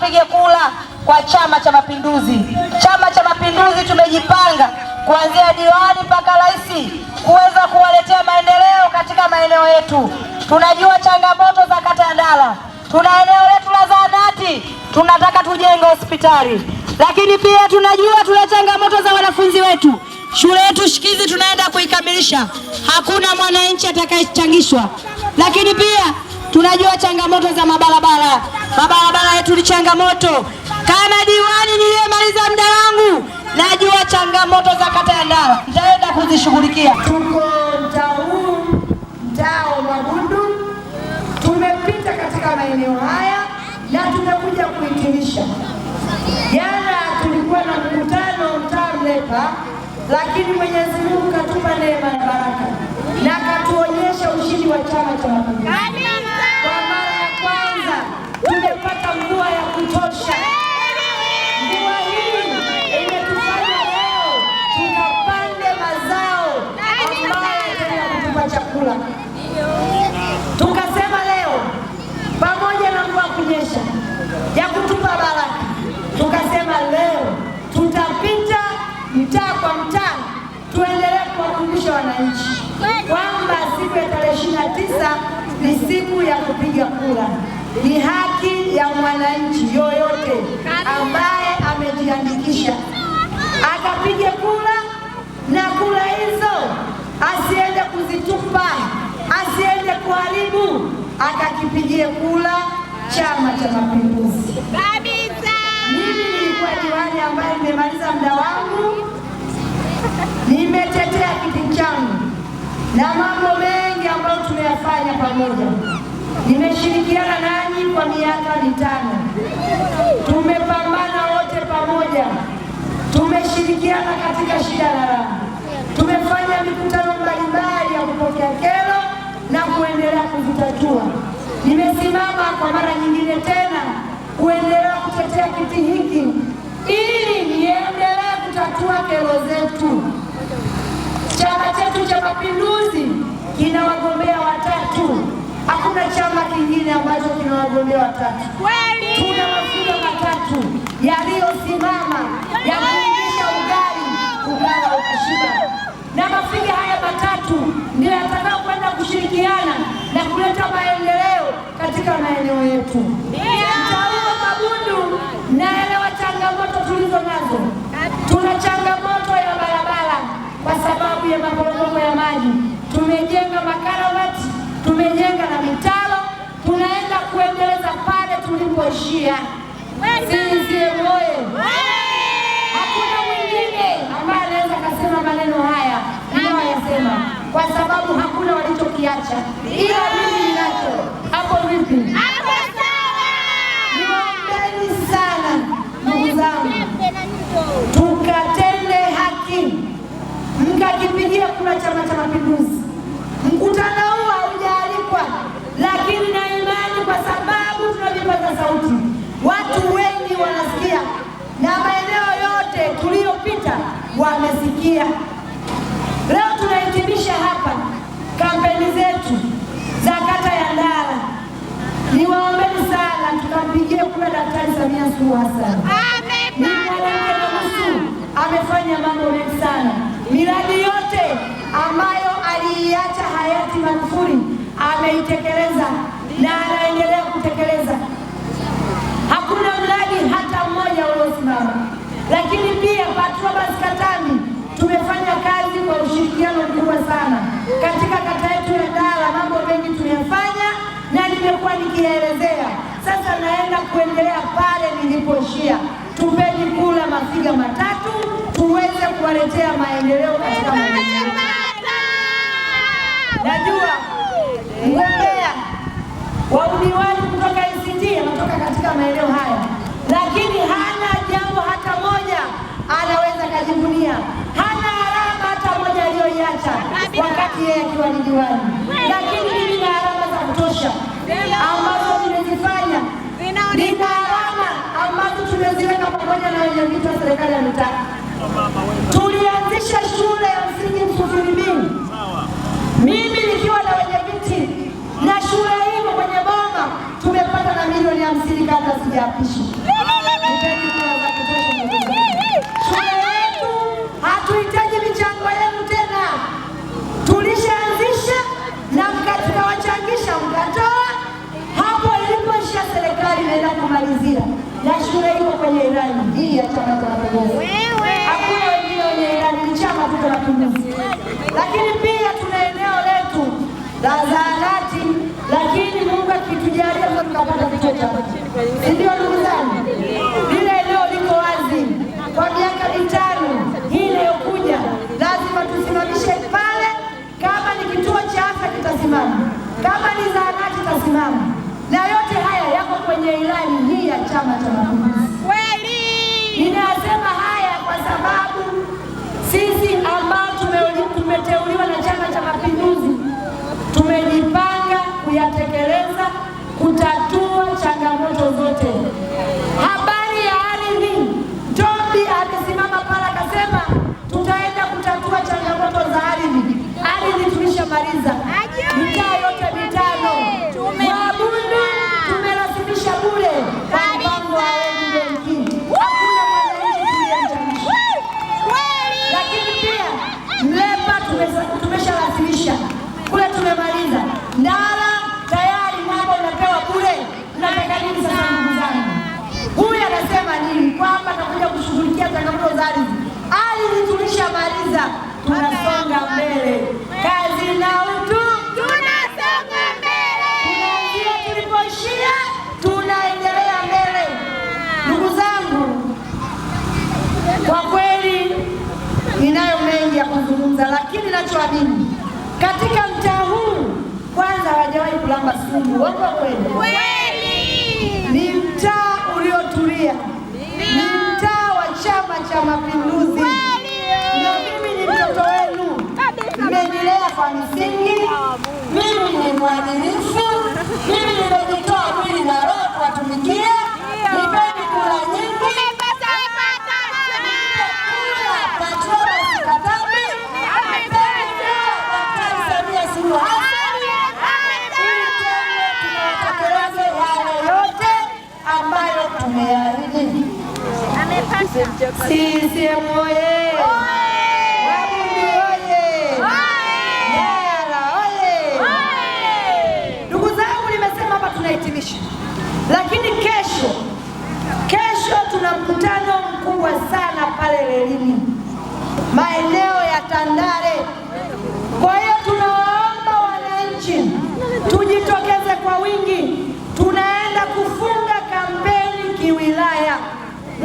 wapige kula kwa Chama cha Mapinduzi. Chama cha Mapinduzi tumejipanga kuanzia diwani mpaka rais kuweza kuwaletea maendeleo katika maeneo yetu. Tunajua changamoto za Katandala, tuna eneo letu la zahanati, tunataka tujenge hospitali, lakini pia tunajua tuna changamoto za wanafunzi wetu. Shule yetu shikizi tunaenda kuikamilisha, hakuna mwananchi atakayechangishwa, lakini pia tunajua changamoto za mabarabara mabarabara yetu ni changamoto. Kama diwani niliyemaliza muda wangu, najua changamoto za kata ya Ndala, nitaenda kuzishughulikia. Tuko mtaa huu, mtaa wa Magundu, tumepita katika maeneo haya na tumekuja kuhitimisha. Jana tulikuwa na mkutano mtaa Mlepa, lakini Mwenyezi Mungu katupa neema na baraka na katuonyesha ushindi wa Chama cha Mapinduzi tumepata mvua ya kutosha. Mvua hii imetufanya leo tukapande mazao ambayo tena kutupa chakula. Tukasema leo pamoja na mvua kunyesha ya kutupa baraka, tukasema leo tutapita mtaa kwa mtaa, tuendelee kuwakumbusha wananchi kwamba siku ya tarehe 29 ni siku ya kupiga kura. Ni haki ya mwananchi yoyote ambaye amejiandikisha akapige kura, na kura hizo asiende kuzitupa, asiende kuharibu, akakipigie kura Chama cha Mapinduzi. Mimi nilikuwa diwani ambaye nimemaliza muda wangu, nimetetea kiti changu na mambo mengi ambayo tumeyafanya pamoja. Nimeshirikiana nanyi kwa miaka mitano, tumepambana wote pamoja, tumeshirikiana katika shida na raha, tumefanya mikutano mbalimbali ya kupokea kero na kuendelea kuvitatua. Nimesimama kwa mara nyingine tena kuendelea kutetea kiti hiki chama kingine ambacho kina wagombea watatu. Tuna mafuta matatu yaliyosimama ya kuingisha ugali ugawa ukashiba, na mafiga haya matatu ndio yatakao kwenda kushirikiana na kuleta maendeleo katika maeneo yetu. Mtauo mabundu naelewa changamoto tulizo nazo. Tuna changamoto ya barabara kwa sababu ya maporomoko ya maji. Tumejenga makaravati, tumejenga na mitaa tunaenda kuendeleza pale tulipoishia. CCM oye! Hakuna mwingine ambaye anaweza kasema maneno haya ninayoyasema, kwa sababu hakuna walichokiacha, ila mimi ninacho. Hapo vipi? Niwaombeni sana ndugu zangu, tukatende haki, mkakipigia kura Chama cha Mapinduzi. wamesikia. Leo tunahitimisha hapa kampeni zetu za kata ya Ndala. Niwaombeni sana, tukampigie kura Daktari Samia Suluhu Hassan. Ni mwanamke amefanya mambo mengi sana. Miradi yote ambayo aliiacha hayati Magufuli ameitekeleza na anaendelea kutekeleza. Hakuna ilipoishia. Tupeni kula mafiga matatu tuweze kuwaletea maendeleo katika najua mgombea wa udiwani kutoka ACT anatoka katika maeneo haya, lakini hana jambo hata moja anaweza kajivunia. Hana alama hata moja aliyoiacha wakati yeye akiwa ni diwani, lakini pamoja na wenyeviti wa serikali ya mitaa tulianzisha shule ya msingi Msufiri Mini, mimi nikiwa na wenyeviti na shule hiyo kwenye bomba tumepata na milioni hamsini kabla sijaapishwa. hatuhitaji michango yenu tena, tulishaanzisha na mkatoa, hapo serikali kumalizia na shule hiyo wenye ilani hii ya Chama cha Mapinduzi, hakuna wengine wenye ilani, ni Chama cha Mapinduzi. Lakini pia tuna eneo letu la zahanati, lakini Mungu akitujalia tutapata kichwa cha si ndio? Ndugu zangu, lile eneo liko wazi kwa miaka mitano hii inayokuja, lazima tusimamishe pale. Kama ni kituo cha afya kitasimama, kama ni zahanati itasimama, na yote haya yako kwenye ilani hii ya Chama cha Mapinduzi. Ninasema haya kwa sababu sisi ambao tumeteuliwa na Chama cha Mapinduzi tumejipanga kuyatekeleza, kutatua changamoto zote hapa tukishamaliza tunasonga mbele, kazi na utu, tunasonga mbele, tunaanzia tulipoishia, tunaendelea mbele. Ndugu zangu, kwa kweli ninayo mengi ya kuzungumza, lakini nachoamini katika mtaa huu kwanza, hawajawahi kulamba sumu, wako kweli, ni mtaa uliotulia, ni mtaa wa Chama cha Mapinduzi. la msingi, mimi ni mwadilifu, mimi nimejitoa mwili na roho kuwatumikia. Nipeni nyingi, Daktari Samia Suluhu Hassan, yale yote ambayo tumeahidi. CCM kuhitimisha, lakini kesho, kesho tuna mkutano mkubwa sana pale Lelini, maeneo ya Tandale. Kwa hiyo tunawaomba wananchi tujitokeze kwa wingi, tunaenda kufunga kampeni kiwilaya.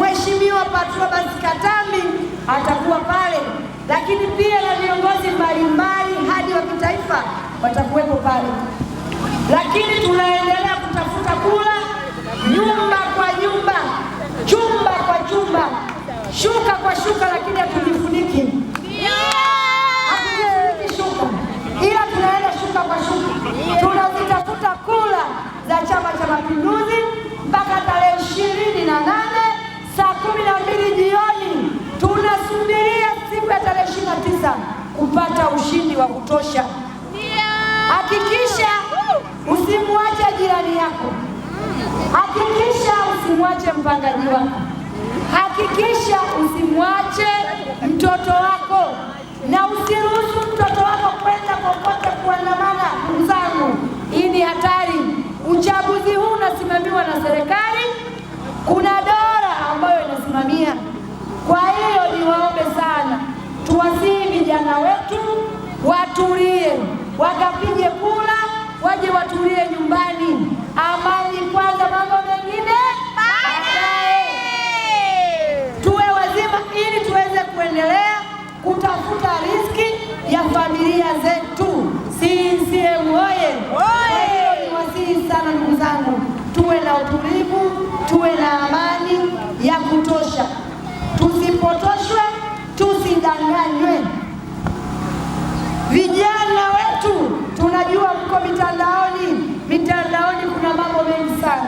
Mheshimiwa Patrobas Katambi atakuwa pale, lakini pia na viongozi mbalimbali hadi wa kitaifa watakuwepo pale lakini tunaendelea kutafuta kula nyumba kwa nyumba, chumba kwa chumba, shuka kwa shuka, lakini hatujifuniki hatujifuniki shuka, ila tunaenda shuka kwa shuka, tunazitafuta kula za Chama cha Mapinduzi mpaka tarehe ishirini na nane saa kumi na mbili jioni. Tunasubiria siku ya tarehe ishirini na tisa kupata ushindi wa kutosha. Hakikisha usimwache jirani yako, hakikisha usimwache mpangaji wako, hakikisha usimwache mtoto wako, na usiruhusu mtoto wako kwenda popote kuandamana. Ndugu zangu, hii ni hatari. Uchaguzi huu unasimamiwa na serikali, kuna dola ambayo inasimamia. Kwa hiyo niwaombe sana, tuwasihi vijana wetu watulie wakafi msidanganywe. Vijana wetu tunajua mko mitandaoni, mitandaoni kuna mambo mengi sana,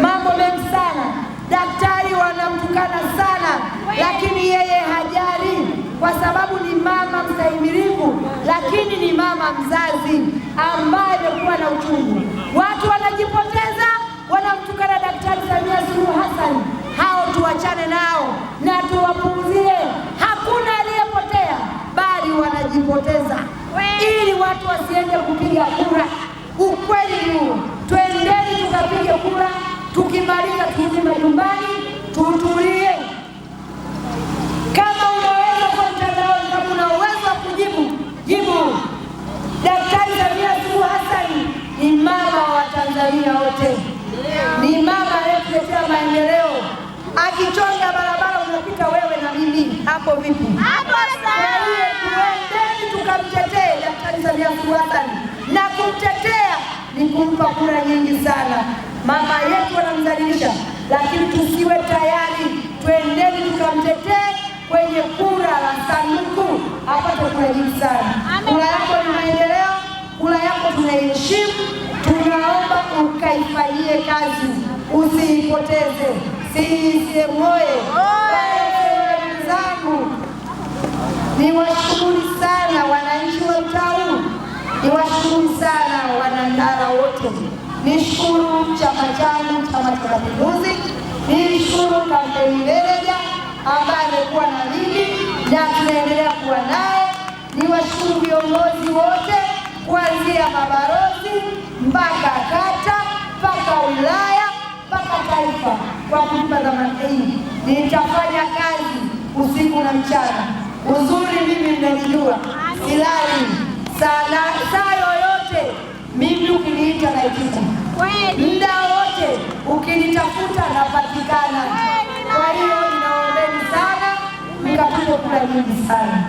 mambo mengi sana. Daktari wanamtukana sana, lakini yeye hajali kwa sababu ni mama mstahimilivu, lakini ni mama mzazi ambaye amekuwa na uchungu. Watu wanajipoteza, wanamtukana Daktari Samia Suluhu Hassan. kupoteza, ili watu wasiende kupiga kura. Ukweli huo, twendeni tukapige kura, tukimaliza turudi majumbani, tutulie. Kama unaweza kwa mtandao kama una uwezo wa kujibu jibu. Daktari Samia Suluhu Hassan ni mama wa Tanzania wote, ni mama aliyetuletea maendeleo, akichonga barabara unapita wewe na mimi. Hapo vipi? Hapo sawa tukamtetee Daktari Samia Suluhu Hassan, na kumtetea ni kumpa kura nyingi sana. Mama yetu wanamdhalilisha, lakini tusiwe tayari, twendeni tukamtetee kwenye kura la sanduku, apate kura nyingi sana. Kura yako ni maendeleo, kura yako tunaheshimu. tunaomba ukaifanyie kazi, usiipoteze. CCM oye! Niwashukuru sana wananchi wa Utau, niwashukuru sana wanandara wote, nishukuru chama changu Chama cha Mapinduzi, nishukuru kampeni meneja ambaye amekuwa na mimi na tunaendelea kuwa naye. Niwashukuru viongozi wote kuanzia mabarozi mpaka kata mpaka wilaya mpaka taifa kwa kunipa dhamana hii. Nitafanya kazi usiku na mchana. Uzuri mimi mnanijua, silali saa yoyote, mimi ukiniita naikita, muda wote ukinitafuta napatikana. Kwa hiyo ninaombeni sana, mkapate kula nyingi sana.